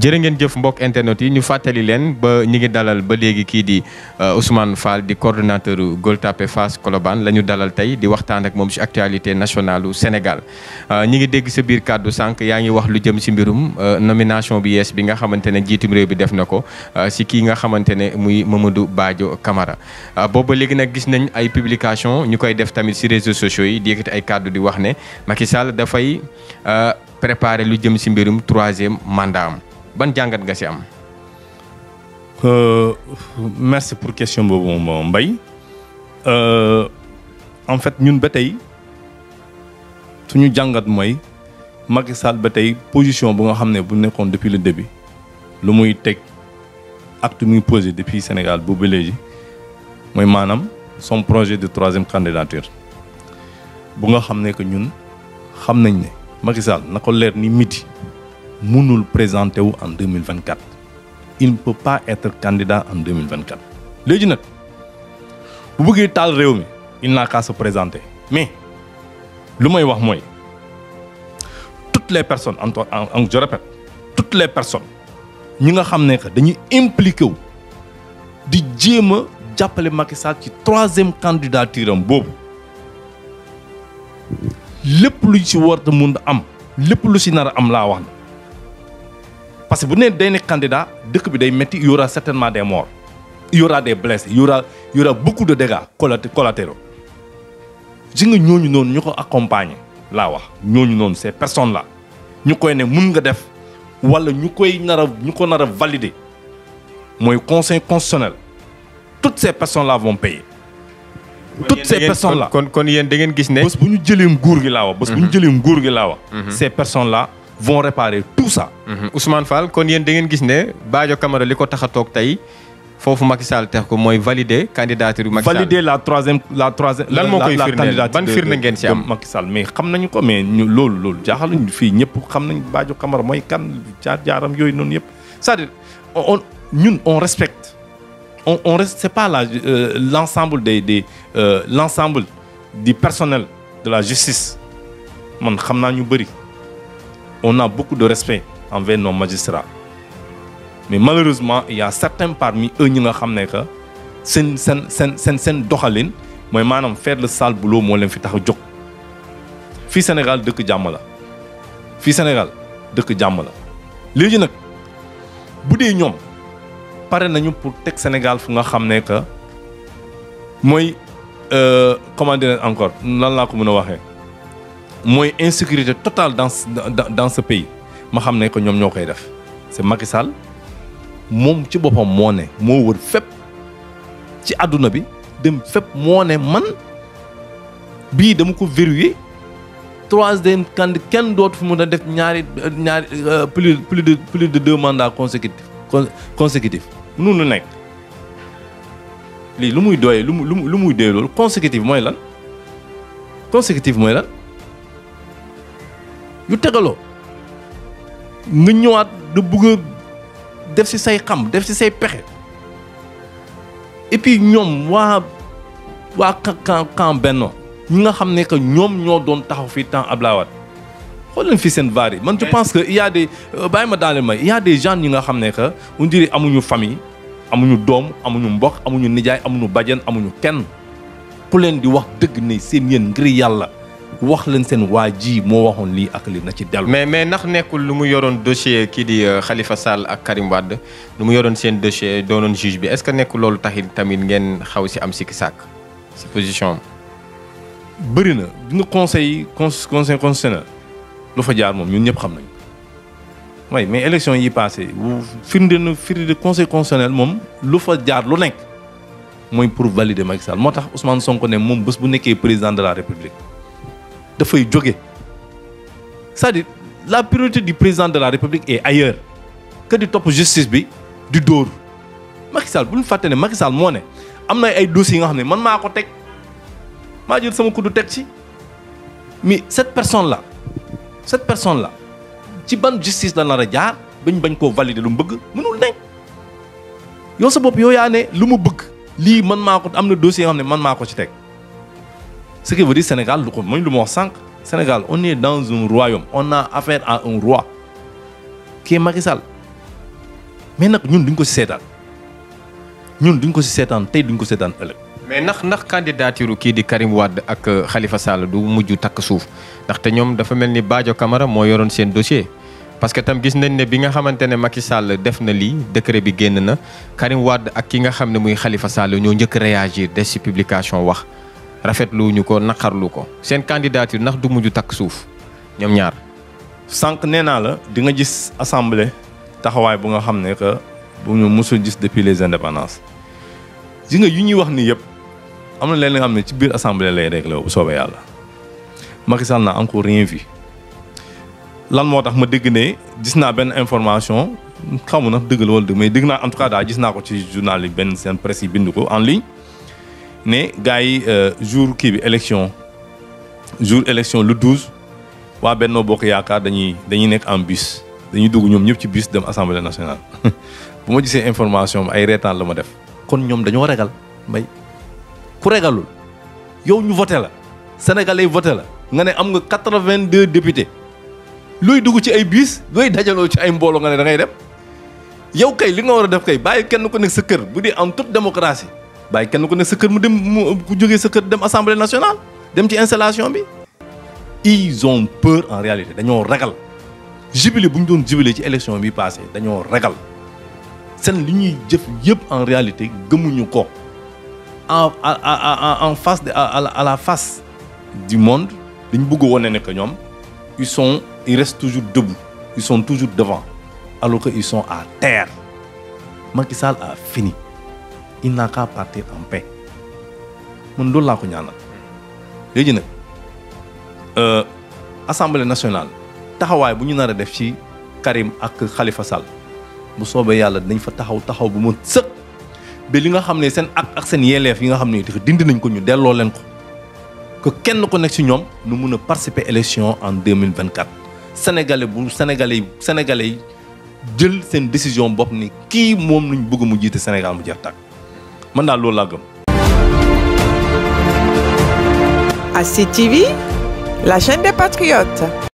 jërë ngeen jëf mbokk internet yi ñu fàttali leen ba ñu ngi dalal ba léegi kii di euh, Ousmane Fall di coordonnateur Gueule Tapée Fass Colobane la ñu dalal tey di waxtaan ak moom ci actualité nationale u Sénégal euh, ñi ngi dégg sa biir kàddu sànq yaa ngi wax lu jëm si mbirum euh, nomination bi yees bi nga xamante ne jiitum réew bi def na ko ci kii nga xamante ne muy Mamadou Badio Camara booba léegi nag gis nañ ay publication ñu koy def tamit ci réseaux sociaux yi di yëkkati ay kàddu di wax ne Macky Sall dafay préparer lu jëm ci mbirum troisième mandat ban jàngat nga ci am. Euh, merci pour question boobu moom Mbaye euh, en fait ñun ba tey suñu jàngat mooy Macky Sall ba tey position bu nga xam ne bu nekkoon depuis le début lu muy teg acte muy posé depuis Sénégal bu ba léegi mooy maanaam son projet de troisième candidature bu nga xam ne que ñun xam nañ ne Macky na ko leer ni miti mënul présenté wu en 2024 il ne peut pas être candidat en 2024 léegi nag bu buggee taal réew mi il n'a qu'à se présenter mais lu may wax mooy toutes les personnes encore en je répète toutes les personnes ñi nga xam ne que dañuy impliqué wu di jéem a jàppale Macky Sall ci troisième candidature am boobu lépp lu ci war mun am lépp lu ci nar am laa wax na parce que bu nee day nekk candidat dëkk bi day métti il y aura certainement des morts il y aura des blessés il y aura il y aura beaucoup de dégâts collatéraux ji nga ñooñu noonu ñu ko accompagner laa wax ñooñu noonu ces personne la ñu koy ne mun nga def wala ñu koy nar a ñu ko nar a mooy conseil constitutionnel toutes ces personnes là vont payer. toutes ces personnes là kon kon yéen da ngeen gis ne. bés bu ñu jëlee nguur gi laa wax. bés bu ñu mhm. jëlee nguur gi laa wax. Mhm. ces personnes là. vont réparer tout ça. Mhm. Ousmane Fall kon yéen da ngeen gis ne Badio Camara li ko tax a toog tey foofu Macky Sall tax ko mooy valider candidature Macky Sall. valider la troisième la troisième. lan moo koy firndeel ban firnde ngeen si am mais xam nañu ko mais ñu loolu loolu jaaxaluñu fii ñëpp xam nañu baajo Camara mooy kan jaar jaaram yooyu noonu yëpp cest ñun on respecte on on reste c'est pas la euh, l'ensemble des des euh, l'ensemble du personnel de la justice man xam naa ñu bëri. on a beaucoup de respect envers nos magistrats mais malheureusement il y a certains parmi eux ñi nga xam ne que seen seen seen seen seen doxalin mooy maanaam faire le sale boulot moo leen fi tax a jóg fii Sénégal dëkk jàmm la fii Sénégal dëkk jàmm la léegi nag bu dee ñoom pare nañu pour teg Sénégal fu nga xam ne que mooy euh, comment dire encore nan laa ko mën a waxee. mooy insécurité totale dans dans ce pays ma xam nañ ko ñoom ñoo koy def c'est Macky Sall moom ci boppam moo ne moo wër fépp ci àdduna bi dem fépp moo ne man bii dama ko verrouiller troisième candidat kenn dootu fi mën a def ñaari euh, plus de plus de deux mandats consécutifs consécutifs mënul lu nekk lii lu muy doyee lu mu lu lu muy doyee loolu consécutif mooy lan consécutif mooy la yu tegaloo nga ñëwaat da bugg a def ci say xam def ci say pexe et puis ñoom waa waa camp camp Benno nga xam ne que ñoom ñoo doon taxaw fii temps Abdoulaye Wade xool leen fii seen vaar yi man je pense que il y a euh, bàyyi ma daale ma il y a des gens yi nga xam ne u on amuñu famille amuñu doom amuñu mbokk amuñu nijaay amuñu bajen amuñu kenn ku leen di wax dëgg ne seen yéen ngir yàlla wax leen seen waa ji moo waxoon lii ak lii na ci dal mais mais ndax nekkul lu mu yoroon dossier kii di xalifa euh, Sall ak Karim Wade lu mu yoroon seen dossier doonoon juge bi est-ce que nekkul loolu taxit tamit ngeen xaw si am siki sàkk si position am. bëri na dina conseil conseil constitutionnel lu fa jaar moom ñun ñëpp xam nañ way mais élection yi passé firnde na firnde conseil constitutionnel moom lu fa jaar lu nekk mooy pour valider Macky Sall moo tax Ousmane Sonko ne moom bés bu nekkee président de la République. dafay jóge c'est-à-dire la priorité du président de la république est ailleurs que di topp justice bi di dóor Macky Sall bu ñu fàtte ne Macky moo ne am na ay dossiers yi nga xam ne man maa ko teg maa jël sama kuddu teg ci mais cette personne la cette personne la ci ban justice la nar a jaar bañ bañ koo valider lu mu bëgg mënul nekk yow sa bopp yow yaa ne lu mu bëgg lii man maa ko am na dossier yoo xam ne man maa ko ci teg. sénégal Ce qui veut dire Sénégal, Sénégal, on est dans un royaume. On na affaire à un roi qui est Sall. mais nag ñun duñ ko si seetaan ñun duñ ko si seetaan tey duñ ko seetaan ëllëg. mais ndax ndax candidature kii di Karim Wade ak xalifa euh, Sall du mujj takk suuf ndaxte ñoom dafa mel ni Badio Camara moo yoroon seen dossier. parce que tam gis nañ ne bi nga xamante ne Macky Sall def na lii décret bi génn na Karim Wade ak ki nga xam ne muy xalifa Sall ñoo njëkk réagir des ci wax. rafetluwuñu ko naqarlu ko seen candidature ndax du mujj takk suuf ñoom ñaar. sànq nee naa la di nga gis assemblée taxawaay bu nga xam ne que bu ñu mosul gis depuis les indépendances gis nga yu ñuy wax nii yëpp am na leen nga am ne ci biir assemblée lay réglé bu soobee yàlla Macky Sall naa encore rien vu lan moo tax ma dégg ne gis naa benn information xamu na dëgg la wala dëgg mais dégg naa am tout cas gis naa ko ci journal yi benn seen presse yi bind ko en ligne. ne gars yi euh, jour kii bi élection jour élection le 12 waa Benno Bokk Yaakaar dañuy dañuy nekk en bus dañuy dugg ñoom ñëpp ci biis dem assemblée nationale bu ma gisee information bi ay reetaan la ma def. kon ñoom dañoo ragal mbay ku ragalul yow ñu voté la sénégalais voté la nga ne am nga 82 députés looy dugg ci ay bus looy dajaloo ci ay mbooloo nga ne da ngay dem yow kay li nga war a def kay bàyyi kenn ku nekk sa kër bu dee en toute démocratie. bàyyi kenn ku ne sa kër mu dem ku jógee sa kër dem assemblée nationale dem ci installation bi ils ont peur en réalité dañoo ragal jubilé bu ñu doon jubilé ci élection bi passé dañoo ragal seen li ñuy jëf yëpp en réalité gëmuñu ko en en face de à la face du monde dañ bëgg wone ne que ñoom ils sont ils restent toujours debout ils sont toujours devant alors que ils sont à terre Macky Sall fini il n'a qu'à partir en paix man loolu laa ko ñaanal léegi nag euh, assemblée nationale taxawaay bu ñu nar a def ci Karim ak Khalifa sal bu soobee yàlla dañ fa taxaw taxaw bu ma sëkk bi li nga xam ne seen ak ak seen yelleef yi nga xam ne dafa dindi nañ ko ñu delloo leen ko que kenn ku nekk ci ñoom nu mun a participer élection en deux mille vingt quatre sénégalais bu sénégalais sénégalais yi jël seen décision bopp ni kii moom lañ bëgg mu jiite Sénégal mu jeex tàkk mën naa loolu laa gëm. ASID TV, la chaîne des patriotes.